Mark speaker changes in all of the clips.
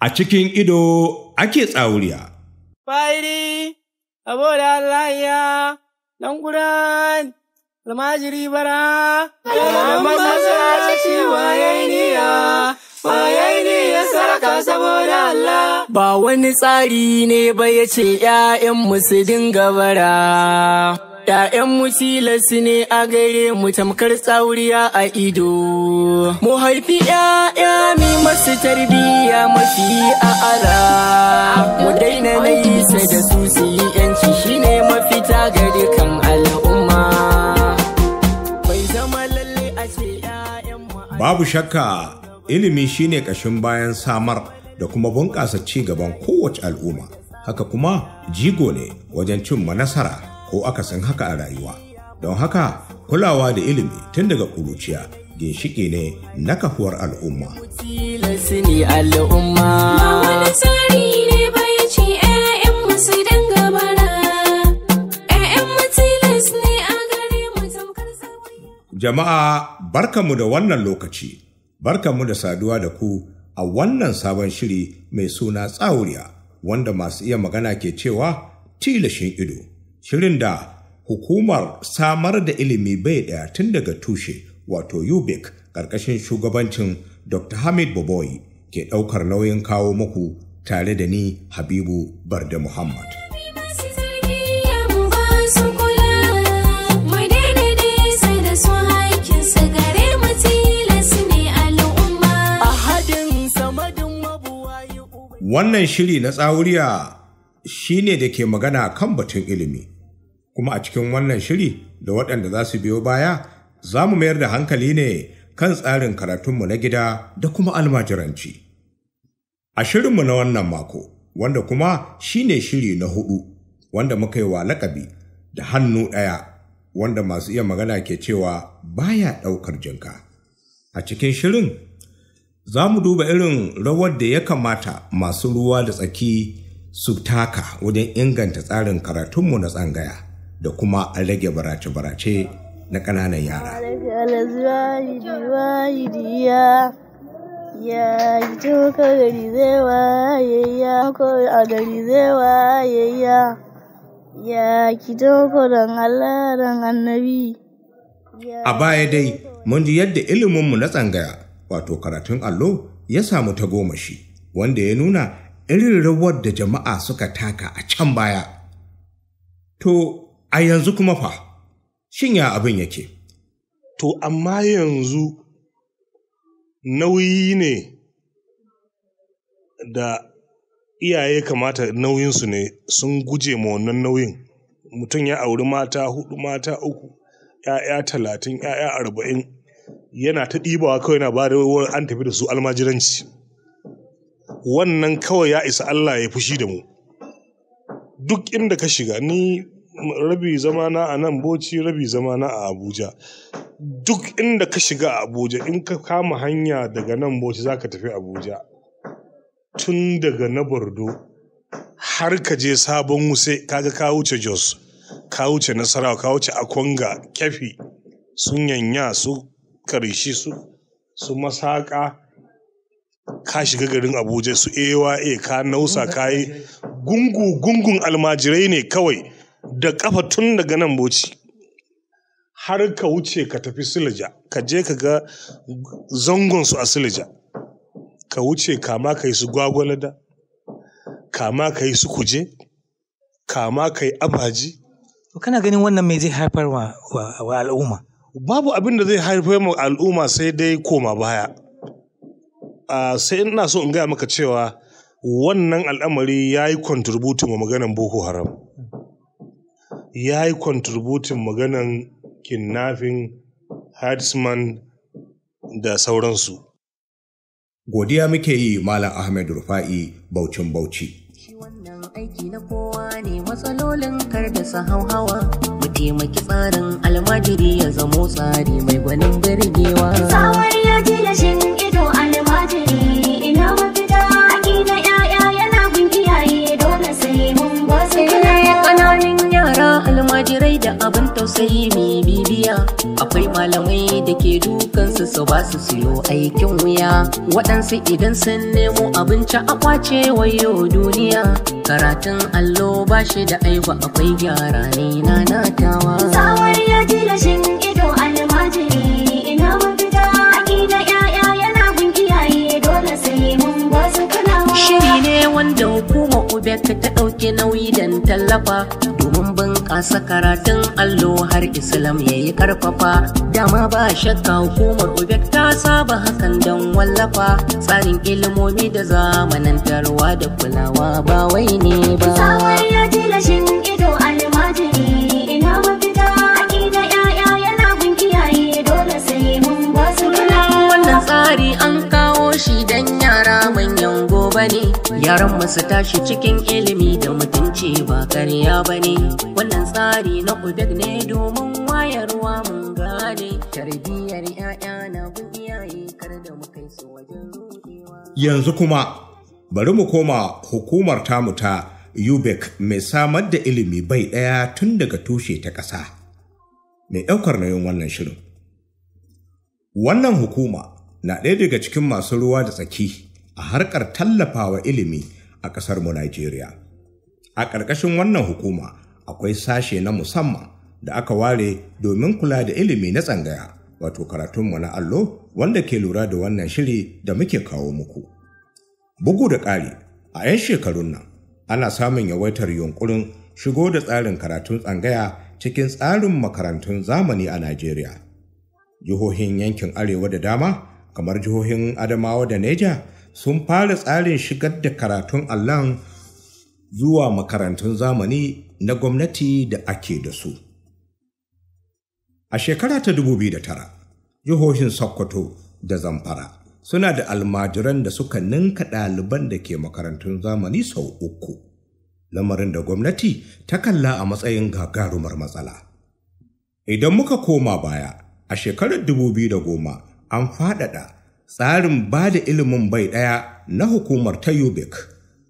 Speaker 1: a cikin ido ake tsawuriya.
Speaker 2: Fairi aboda Allah ya, ɗan ƙuran, almajiri bara, saboda Allah. Ba wani tsari ne ba ya ce ‘ya'yanmu su dinga bara. ‘Ya'yanmu tilas ne a gare mu tamkar tsauriya a ido, mu haifi ‘ya'yan masu tarbiyya mafi a ara, mu daina na yi sa da su su yi yanci shine mafita ga dukan al'umma zama lalle a ce
Speaker 1: babu shakka ilimi shine ƙashin bayan samar da kuma bunƙasa ci gaban kowace al'umma haka kuma jigo ne wajen cimma nasara ko akasin haka a rayuwa don haka kulawa da ilimi tun daga ƙuruciya ginshiki ne na kafuwar al'umma. Jama'a barkanmu da wannan lokaci, barka mu da saduwa da ku a wannan sabon shiri mai suna tsauriya wanda masu iya magana ke cewa tilashin ido, shirin da hukumar samar da ilimi bai ɗaya tun daga tushe wato ubic ƙarƙashin shugabancin dr hamid boboy ke ɗaukar nauyin kawo muku tare da ni habibu barda muhammad wannan shiri na tsawuriya shine da ke magana kan batun ilimi kuma a cikin wannan shiri da waɗanda za su biyo baya za mu mayar da hankali ne kan tsarin karatunmu na gida da kuma almajiranci. A shirinmu na wannan mako, wanda kuma shi ne shiri na hudu, wanda muka yi wa lakabi da hannu ɗaya, wanda masu iya magana ke cewa baya ɗaukar jinka. A cikin shirin, za mu duba irin rawar da ya kamata masu ruwa da tsaki su taka wajen inganta tsarin karatunmu na tsangaya da kuma rage barace-barace na ƙananan yara. ya A baya dai mun ji yadda iliminmu na tsangaya wato karatun allo ya samu ta goma shi wanda ya nuna irin rawar da jama'a suka taka a can baya.
Speaker 3: To a yanzu kuma fa. shin ya abin yake? To, amma yanzu nauyi ne da iyaye kamata nauyinsu ne sun guje ma wannan nauyin. Mutum ya auri mata hudu mata uku, ‘ya'ya talatin, ‘ya'ya arba'in, yana ta ɗibawa kawai na ba da an tafi da su almajiranci. Wannan kawai ya isa Allah ya fushi da mu. Duk inda ka shiga, ni rabi zamana a nan boci rabi zamana a Abuja. Duk inda ka shiga a Abuja in ka kama hanya daga nan boci za ka tafi Abuja. Tun daga na Bordo har ka je sabon wuse kaga ka wuce Jos, ka wuce Nasarawa, ka wuce Akwanga, Kyafi sun yanya su karishi su su masaka ka shiga garin Abuja su AYA ka nausa ka yi gungu gungun almajirai ne kawai da ƙafa tun daga nan boci har ka wuce ka tafi silija ka je ka ga zangonsu a silija ka wuce kama ka yi su gwagwalada kama ka yi su kuje kama ka yi abaji kana ganin wannan mai zai haifar wa, al'umma babu abin da zai haifar wa al'umma sai dai koma baya sai ina so in gaya maka cewa wannan al'amari ya yi kontributin wa maganan boko haram ya yi kwantributin maganan kinnafin herdsman da sauransu.
Speaker 1: Godiya muke yi Malam Ahmed Rufa'i Baucin Bauchi. wannan
Speaker 2: aiki na kowa ne matsalolin kar da su hauhawa mu taimaki tsarin almajiri ya zamo tsari mai gwanin birgewa. Tsawar ya ji shin ido almajiri da abin tausayi mai bibiya akwai malamai da ke dukansu su ba su siyo aikin wuya waɗansu idan sun nemo abinci a kwace wayo duniya karatun allo ba shi da aiwa akwai gyara ne na natawa ya ido ina mafita ya'ya yana dole sai shiri ne wanda hukumar ubeka ta ɗauki nauyi don tallafa bunƙasa karatun allo har islam ya yi karfafa dama ba shakka hukumar obek ta saba hakan don wallafa tsarin ilimomi da zamanantarwa da kulawa ba wai ne ba yaran masu tashi cikin ilimi da mutunci ba karya ba ne wannan tsari na ubek ne domin wayarwa mun gane tarbiyyar 'ya'ya na bin iyaye kar da mu kai su wajen
Speaker 1: yanzu kuma bari mu koma hukumar tamu ta UBEC mai samar da ilimi bai ɗaya tun daga tushe ta ƙasa mai ɗaukar nayin wannan shirin. Wannan hukuma na ɗaya daga cikin masu ruwa da tsaki a harkar tallafawa ilimi a ƙasar mu Najeriya. A ƙarƙashin wannan hukuma akwai sashe na musamman da aka ware domin kula da ilimi na tsangaya wato karatunmu na allo wanda ke lura da wannan shiri da muke kawo muku. Bugu da ƙari a 'yan shekarun nan ana samun yawaitar yunkurin shigo da tsarin karatun tsangaya cikin tsarin makarantun zamani a Najeriya. Jihohin yankin Arewa da dama kamar jihohin Adamawa da Neja sun fara tsarin shigar da karatun Allahn zuwa makarantun zamani na gwamnati da ake da su. A shekara ta da tara, jihohin Sokoto da Zamfara suna da almajiran da suka ninka ɗaliban da ke makarantun zamani sau uku, lamarin da gwamnati ta kalla a matsayin gagarumar matsala. Idan muka koma baya, a shekarar goma an faɗaɗa tsarin ba da ilimin bai ɗaya na hukumar ta UBIC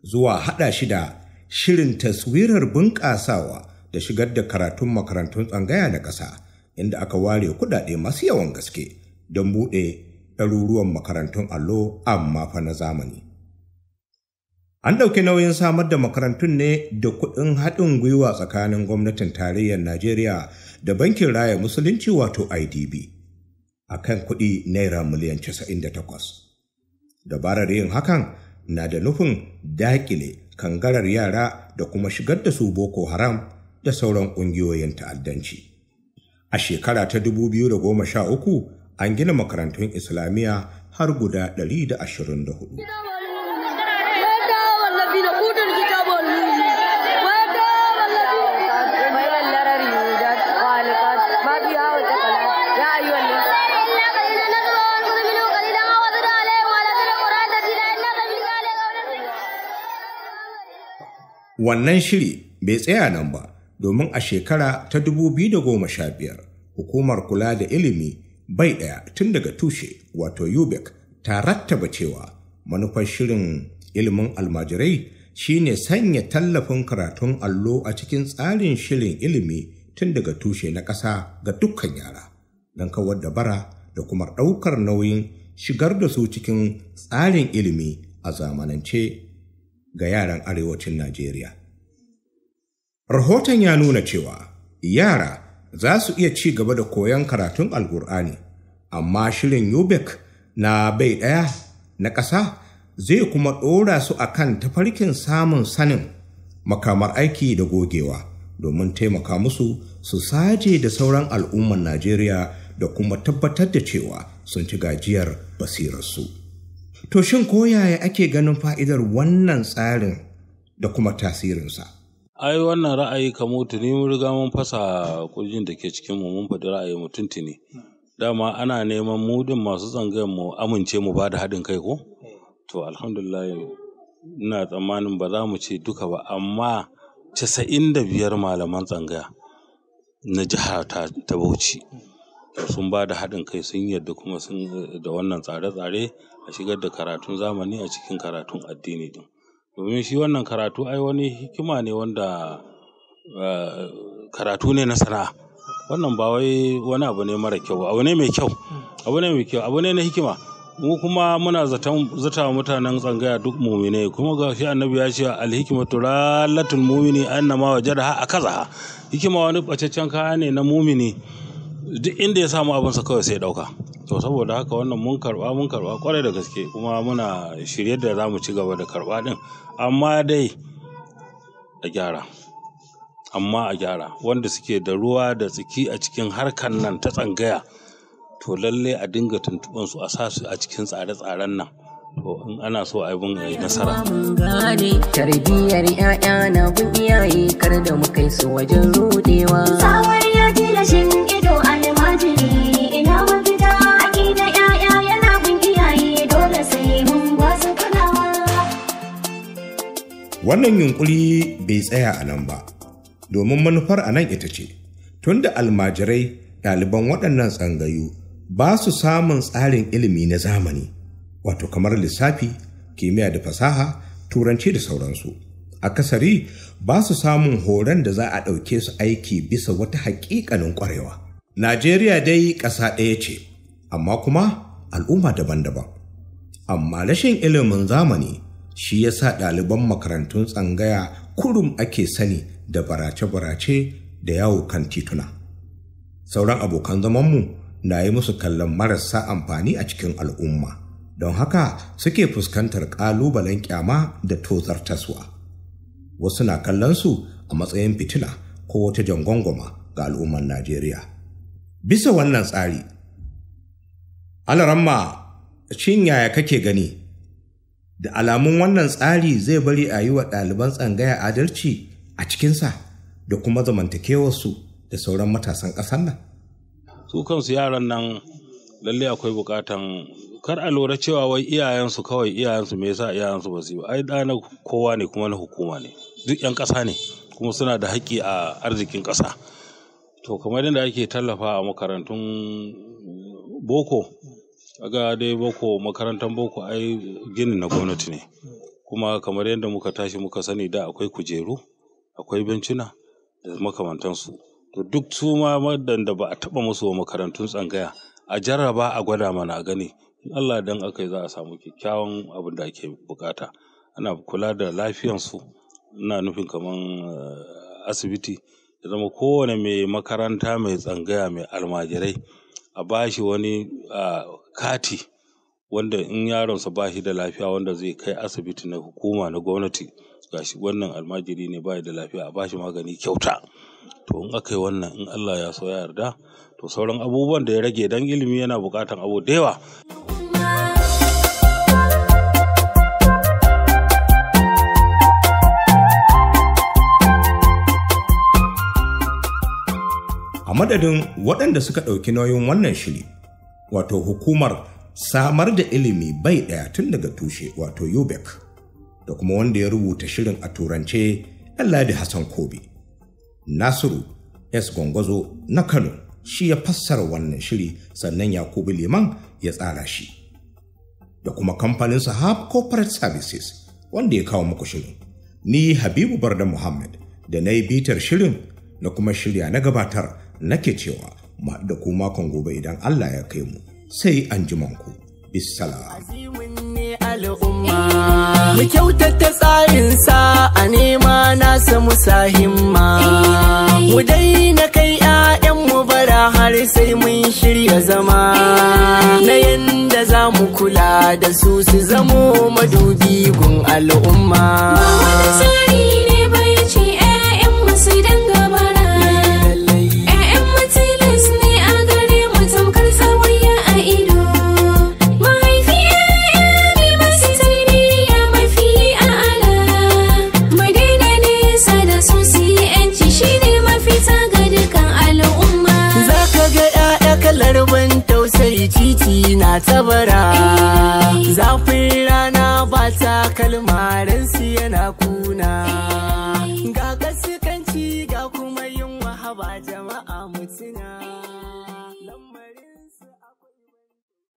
Speaker 1: zuwa haɗa shi da shirin taswirar bunƙasawa da shigar da karatun makarantun tsangaya na ƙasa inda aka ware kuɗaɗe masu yawan gaske don buɗe ɗaruruwan makarantun allo amma fa na zamani. An ɗauki nauyin samar da makarantun ne da kuɗin haɗin gwiwa tsakanin gwamnatin tarayyar Najeriya da Bankin Raya Musulunci wato IDB. a kan kuɗi naira miliyan casa'in da takwas. dabarar yin hakan na da nufin dakile kangarar yara da kuma shigar da su boko haram da sauran ƙungiyoyin ta'addanci a shekara ta 2013 an gina makarantun islamiyya har guda 124 Wannan shiri bai tsaya nan ba domin a shekara ta 2015 hukumar kula da ilimi bai ɗaya tun daga tushe wato UBEC ta rattaba cewa manufar shirin ilimin almajirai shine sanya tallafin karatun allo a cikin tsarin shirin ilimi tun daga tushe na ƙasa ga dukkan yara don kawar da bara da kuma ɗaukar nauyin shigar da su cikin tsarin ilimi a zamanance ga yaran arewacin Najeriya. Rahoton ya nuna cewa yara za su iya ci gaba da koyon karatun Alkur'ani, amma shirin yubek na bai ɗaya na ƙasa zai kuma ɗora su a kan tafarkin samun sanin makamar aiki da gogewa domin taimaka musu su saje da sauran al'umman Najeriya da kuma tabbatar da cewa
Speaker 4: sun ci gajiyar basirarsu.
Speaker 1: To shin ko ake ganin fa'idar wannan tsarin da kuma tasirinsa?
Speaker 4: Ai wannan ra'ayi kamo tuni mun riga mun fasa kujin da ke cikin mu mun faɗi ra'ayi mutum tuni. Dama ana neman mudun masu zangayen mu amince mu ba da haɗin kai ko? To alhamdulillah ina tsammanin ba za mu ce duka ba amma casa'in da biyar malaman tsangaya na jihar ta Bauchi. sun ba da haɗin kai sun yarda kuma sun da wannan tsare-tsare a shigar da karatun zamani a cikin karatun addini ɗin domin shi wannan karatu ai wani hikima ne wanda eh, karatu ne na sana'a wannan ba wai wani abu ne mara kyau abu ne mai kyau abu ne mai kyau abu ne na hikima mu kuma muna zaton zata mutanen tsangaya duk mumine kuma ga shi annabi ya ce alhikmatu ralatul mumini annama wajadaha akazaha hikima wani bacaccen kaya ne na mumini duk inda ya samu abinsa kawai sai dauka, ɗauka. To saboda haka wannan mun karɓa, mun karɓa kwarai da gaske kuma muna shirye da za mu ci gaba da karɓa ɗin. Amma dai a gyara, amma a gyara. Wanda suke da ruwa da tsiki a cikin harkan nan ta tsangaya to lalle a dinga tuntuɓansu a sa su a cikin tsare-tsaren nan. To in ana so a yi nasara.
Speaker 2: Tarbiyyar 'ya'ya na gun iyaye kar da mu kai su wajen ruɗewa. Sawar ya ji lashin
Speaker 1: Wannan yunkuri bai tsaya a nan ba, domin manufar a nan ita ce, tunda almajirai ɗaliban waɗannan tsangayu ba su samun tsarin ilimi na zamani, wato kamar lissafi, kimiyya da fasaha, turanci da sauransu. Akasari ba su samun horon da za a ɗauke su aiki bisa wata haƙiƙanin ƙwarewa. Najeriya dai ƙasa ɗaya ce, amma kuma al'umma daban-daban. Amma rashin ilimin zamani shi ya sa ɗaliban makarantun tsangaya kurum ake sani da barace-barace da yawo kan tituna sauran abokan zamanmu na yi musu kallon marasa amfani a cikin al'umma don haka suke fuskantar ƙalubalen ƙyama da tozar taswa. wasu na kallonsu a matsayin fitila ko wata jangwangwama ga al'umman najeriya bisa wannan tsari alaramma shin yaya kake gani da alamun wannan tsari zai bari a yi wa ɗaliban tsangaya adalci a cikinsa da kuma zamantakewarsu da sauran matasan ƙasar nan.
Speaker 4: su kansu yaran nan lalle akwai bukatan kar a lura cewa wai iyayensu kawai iyayensu me yasa iyayensu ba su yi ai da na kowa ne kuma na hukuma ne duk 'yan ƙasa ne kuma suna da haƙƙi a arzikin ƙasa to kamar yadda ake tallafa a makarantun boko kaga dai boko makarantar boko ai ginin na gwamnati ne kuma kamar yadda muka tashi muka sani da akwai kujeru akwai bencina da makamantansu to duk su ma waɗanda ba a taɓa musu wa makarantun tsangaya a jarraba a gwada mana a gani Allah dan aka yi za a samu kyakkyawan abin da ake bukata ana kula da su ina nufin kamar eh, asibiti ya zama kowane mai makaranta mai tsangaya mai almajirai a ba shi wani kati wanda in yaronsa ba shi da lafiya wanda zai kai asibiti na hukuma na gwamnati ga shi wannan almajiri ne ba da lafiya a ba shi magani kyauta to in aka yi wannan in Allah ya so ya yarda to sauran abubuwan da ya rage dan ilimi yana buƙatan abu da yawa
Speaker 1: madadin waɗanda suka ɗauki nauyin wannan shiri wato hukumar samar da ilimi bai ɗaya tun daga tushe wato UBEC da kuma wanda ya rubuta shirin a turance Ladi Hassan Kobe. Nasiru S. Gongozo na Kano shi ya fassara wannan shiri sannan Yakubu Liman ya tsara shi. Da kuma kamfanin Sahab Corporate Services wanda ya kawo muku shirin. Ni Habibu Barda Muhammad da na yi bitar shirin na kuma shirya na gabatar nake cewa mu da ku makon gobe idan Allah ya kai mu sai an ji manku bisalam
Speaker 2: mu kyautata tsarin sa a nema na samu sahimma eh. mu daina kai ƴaƴan mu bara har sai mun shirya zama eh. na yanda za mu kula da su su zamo madubi gun al'umma tsabara tabara zafin rana ba ta kalmarin su yana kuna ga gaskanci ga kuma yin wahaba
Speaker 3: jama'a mutuna